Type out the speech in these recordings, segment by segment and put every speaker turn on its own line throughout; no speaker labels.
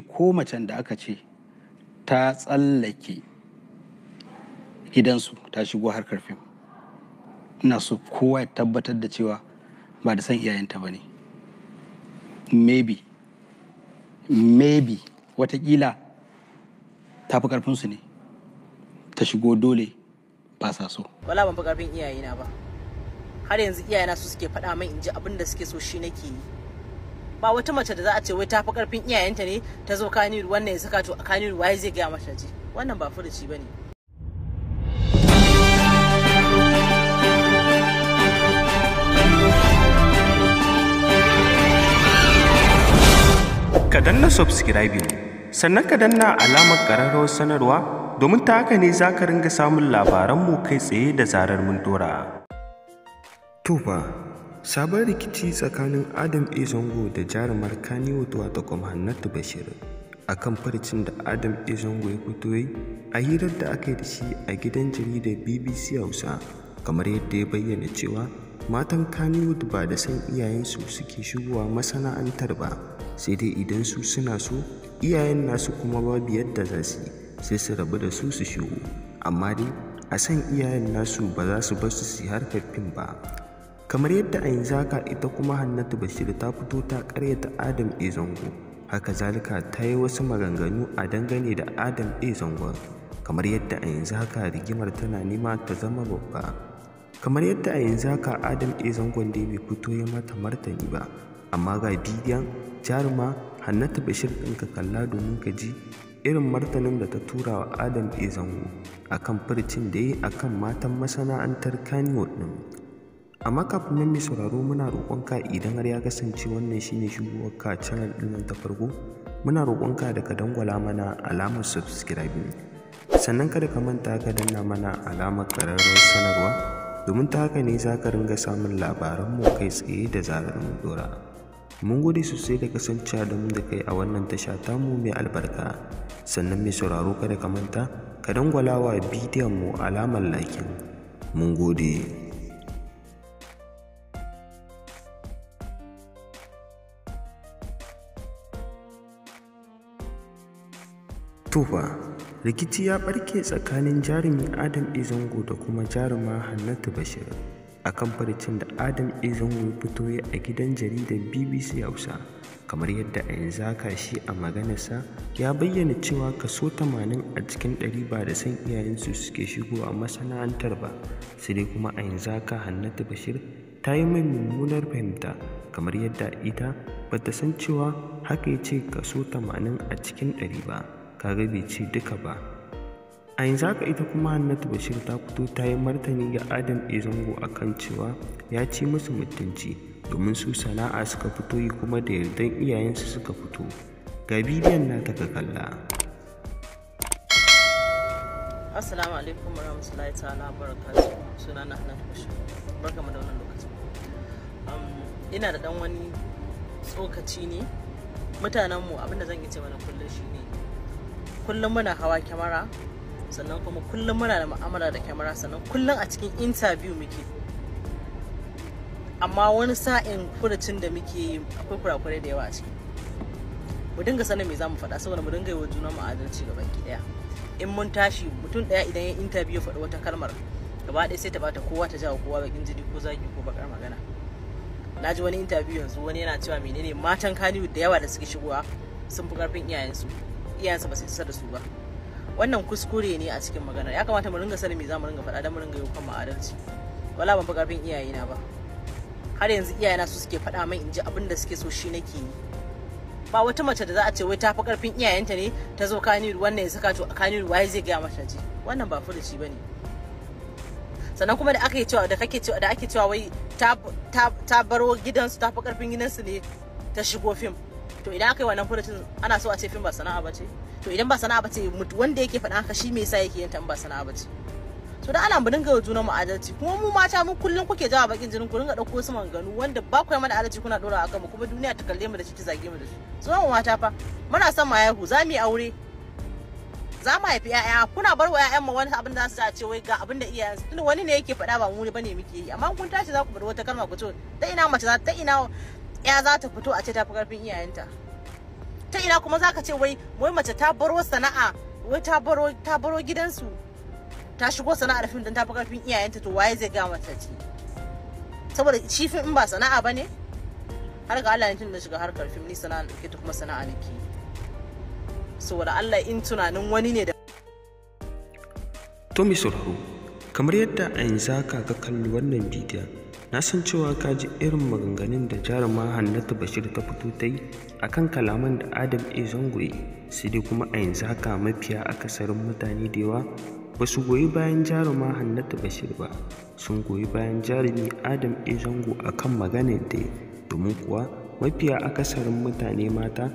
ko macen da aka ce ta tsallake gidansu ta shigo harkar fim ina so kowa ya tabbatar da cewa ba da san iyayenta ba ne maybe maybe watakila ta fi karfinsu ne ta shigo dole ba sa so
wala ban fi karfin iyayena ba har yanzu iyayena su suke faɗa min in ji abin da suke so shi nake yi ba wata mace da za a ce wai ta fi karfin iyayenta ne ta zo kaniru wannan ya saka to a ruwa waye zai gaya mata je wannan ba furuci ba ne
ka danna subscribing sannan ka danna alamar ƙararrawar sanarwa domin ta haka ne za ka ringa samun labaranmu kai tsaye da zarar mun dora. Tufa sabon rikici tsakanin adam a zango da jarumar kani wato kuma hannatu bashir a kan farcin da adam a zango ya fito yi a hirar da aka yi da shi a gidan jaridar bbc hausa kamar yadda ya bayyana cewa matan kaniwood ba da san iyayensu suke shigowa masana'antar ba sai dai idan su suna so iyayen nasu kuma babu yadda za su sai su rabu da su su shigo amma dai a san iyayen nasu ba za su bar su su harkar fim ba kamar yadda a yanzu haka ita kuma hannatu bashir ta fito ta karyata adam a zango haka zalika ta yi wasu maganganu a dangane da adam a zangon kamar yadda a yanzu haka rigimar tana nema ta zama babba kamar yadda a yanzu haka adam a zangon da bai fito ya mata martani ba amma ga bidiyon jaruma hannatu bashir ɗin ka kalla domin ka ji irin martanin da ta tura wa adam a zango akan furcin da yi akan matan masana'antar kanyo ɗin amma kafin nan mai sauraro muna roƙonka idan har ya kasance wannan shine shigowarka channel ɗin ta farko muna roƙonka da ka dangwala mana alamar subscribing sannan kada ka manta ka danna mana alamar ƙararrawar sanarwa domin ta haka ne za ka ringa samun labaranmu kai tsaye da zarar mu dora mun gode sosai da kasancewa da mu da kai a wannan tasha tamu mai albarka sannan mai sauraro kada ka manta ka dangwala wa bidiyon mu alamar lakin mun gode Tufa rikici ya barke tsakanin jarumi Adam Izango da kuma jaruma Hannatu Bashir a kan farcin da Adam Izango fito ya a gidan jaridar BBC Hausa kamar yadda a yanzu haka shi a maganarsa ya bayyana cewa kaso 80 a cikin 100 ba da san iyayensu suke shigo a masana'antar ba sai dai kuma a yanzu haka Hannatu Bashir ta yi mai mummunar fahimta kamar yadda ita ba ta san cewa haka ya ce kaso 80 a cikin 100 ba. kaga bai ci duka ba a yanzu haka ita kuma hannatu bashir ta fito ta yi martani ga adam a kan cewa ya ci musu mutunci domin su sana'a suka fito yi kuma da yardan iyayensu suka fito ga bidiyon na ka kalla
assalamu alaikum warahmatullahi ta'ala barakatuh suna na hannatu bashir barka mu da wannan lokacin um, ina da dan wani tsokaci ne mutanenmu abinda zan yi ce mana kullum shine kullum muna hawa kyamara sannan kuma kullum muna da mu'amala da kyamara sannan kullum a cikin interview muke amma wani sa'in furucin da muke yi akwai kurakurai da yawa a ciki mu dinga sanin me za mu faɗa saboda mu dinga yi wa juna mu adalci gaba ki ɗaya in mun tashi mutum ɗaya idan ya interview faɗi wata kalmar gaba ɗaya sai ta bata kowa ta jawo kowa bakin jini ko zaki ko bakar magana na ji wani interview yanzu wani yana cewa menene matan kaniyu da yawa da suke shigowa sun fi karfin iyayensu iyayensa ba su isa da su ba wannan kuskure ne a cikin magana ya kamata mu ringa sanin me za mu ringa faɗa don mu ringa yi kan adalci wala ban fi ƙarfin iyayena ba har yanzu iyayena su suke faɗa min in ji abin da suke so shi nake yi ba wata mace da za a ce wai ta fi karfin iyayenta ne ta zo kaniru wannan ya saka to a kaniru waye zai gaya mata je wannan ba furuci ba ne sannan kuma da aka cewa da kake cewa da ake cewa wai ta baro gidansu ta fi karfin gidansu ne ta shigo fim to idan aka yi wannan furucin ana so a ce fim ba sana'a ba ce to idan ba sana'a ba ce wanda yake faɗa haka shi me yasa yake yin ta ba sana'a ba ce to dan ana mu dinga wa juna mu adalci kuma mu mata mu kullum kuke jawa bakin jinin ku dinga dauko su maganganu wanda ba ku mana adalci kuna dora akan mu kuma duniya ta kalle mu da shi ta zage mu da shi so mu mata fa muna son ma yahu za mu yi aure za mu haifi ƴaƴa kuna bar wa ƴaƴan mu wani abin da za su ce wai ga abin da iyayen tun wani ne yake faɗa ba mu ne bane muke yi amma kun tashi za ku bar wata kalma ku ce ta ina mace za ta ina ya za ta fito a ce ta fi karfin iyayenta ta ina kuma za ka ce wai wai mace ta baro sana'a wai ta baro ta baro gidansu ta shigo sana'ar fim don ta fi karfin iyayenta to waye zai ga mata ce saboda shi fim in ba sana'a bane har ga Allah ne tun da shiga harkar fim ni sana'a nake ta kuma sana'a nake saboda Allah in tunanin wani ne da
Tommy Sulhu kamar yadda a yanzu ka kalli wannan bidiyon na san cewa ka ji irin maganganun da jaruma hannatu bashir ta fito ta yi a kan kalaman da adam a zangoye sai dai kuma a yanzu haka mafiya akasarin mutane da yawa ba su goyi bayan jaruma hannatu bashir ba sun goyi bayan jarumi adam a zango a kan maganar da domin kuwa mafiya akasarin mutane mata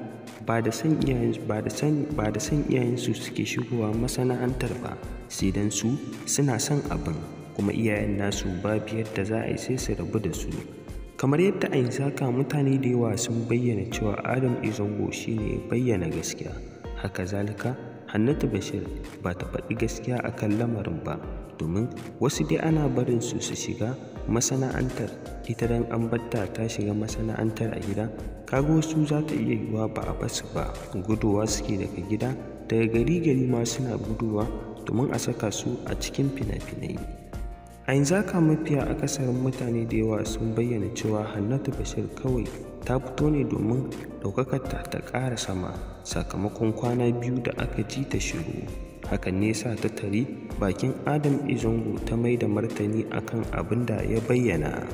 ba da san iyayensu suke shigowa masana'antar ba sai don su suna son abin kuma iyayen nasu babu yadda za a yi sai su rabu da su kamar yadda a saka mutane da yawa sun bayyana cewa adam izango ne bayyana gaskiya haka zalika hannatu bashir ba ta faɗi gaskiya a kan lamarin ba domin wasu dai ana barin su su shiga masana'antar ita dan an batta ta shiga masana'antar a gida kaga wasu za ta iya yiwa ba a basu ba gudowa suke daga gida daga gari gari ma suna gudowa domin a saka su a cikin fina-finai a yanzu haka mafiya akasarin mutane da yawa sun bayyana cewa hannatu bashir kawai ta fito ne domin ɗaukakarta ta ƙara sama sakamakon kwana biyu da aka ji ta shiru hakan ne sa ta tari bakin adam izongo ta mai da martani akan abin da ya bayyana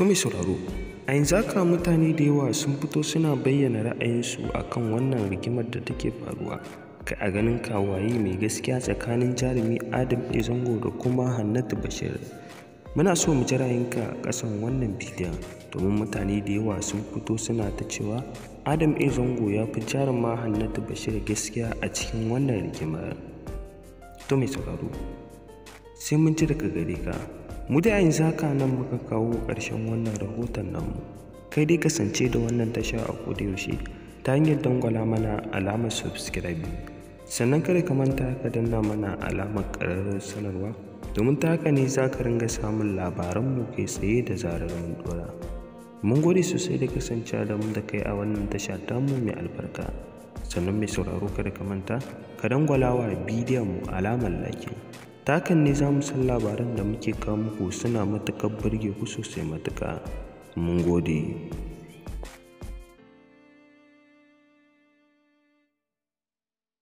To mai sauraro, a yanzu haka mutane da yawa sun fito suna bayyana ra'ayinsu kan wannan rigimar da take faruwa. Kai a ganin kawaye mai gaskiya tsakanin jarumi Adam Ezango da kuma Hannatu Bashir. Muna so mu ji ra'ayinka a ƙasan wannan bidiyon domin mutane da yawa sun fito suna ta cewa Adam Ezango ya fi jaruma Hannatu Bashir gaskiya a cikin wannan rigimar. To mai sauraro, sai mun ci daga gare ka. mu da yanzu haka nan muka kawo ƙarshen wannan rahoton namu kai dai kasance da wannan tasha a yaushe ta hanyar dangwala mana alamar subscribe sannan kada ka manta ka danna mana alamar ƙararrar sanarwa domin ta haka ne za ka ringa samun labaran mu kai tsaye da zarar mun dora mun gode sosai da kasance da mu da kai a wannan tasha tamu mai albarka sannan mai sauraro kada ka manta ka dangwala wa bidiyon mu alamar like takan ne za mu san labaran da muke kawo muku suna matuƙar burge ku sosai matuƙa mun gode